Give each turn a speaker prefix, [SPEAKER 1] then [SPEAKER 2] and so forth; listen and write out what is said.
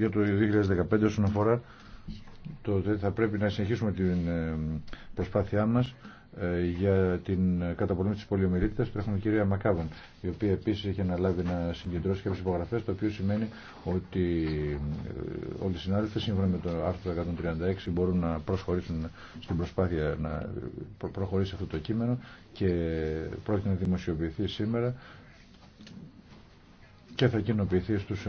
[SPEAKER 1] για το 2015 όσον αφορά το ότι θα πρέπει να συνεχίσουμε την ε, προσπάθειά μας ε, για την καταπολέμηση της πολιομιλίτητας. που έχουμε κυρία Μακάβων, η οποία επίσης έχει αναλάβει να συγκεντρώσει κάποιες υπογραφές, το οποίο σημαίνει ότι ε, όλοι οι συνάδελφοι σύμφωνα με το άρθρο 136 μπορούν να προσχωρήσουν στην προσπάθεια να προχωρήσει αυτό το κείμενο και πρόκειται να δημοσιοποιηθεί σήμερα και θα κοινοποιηθεί στους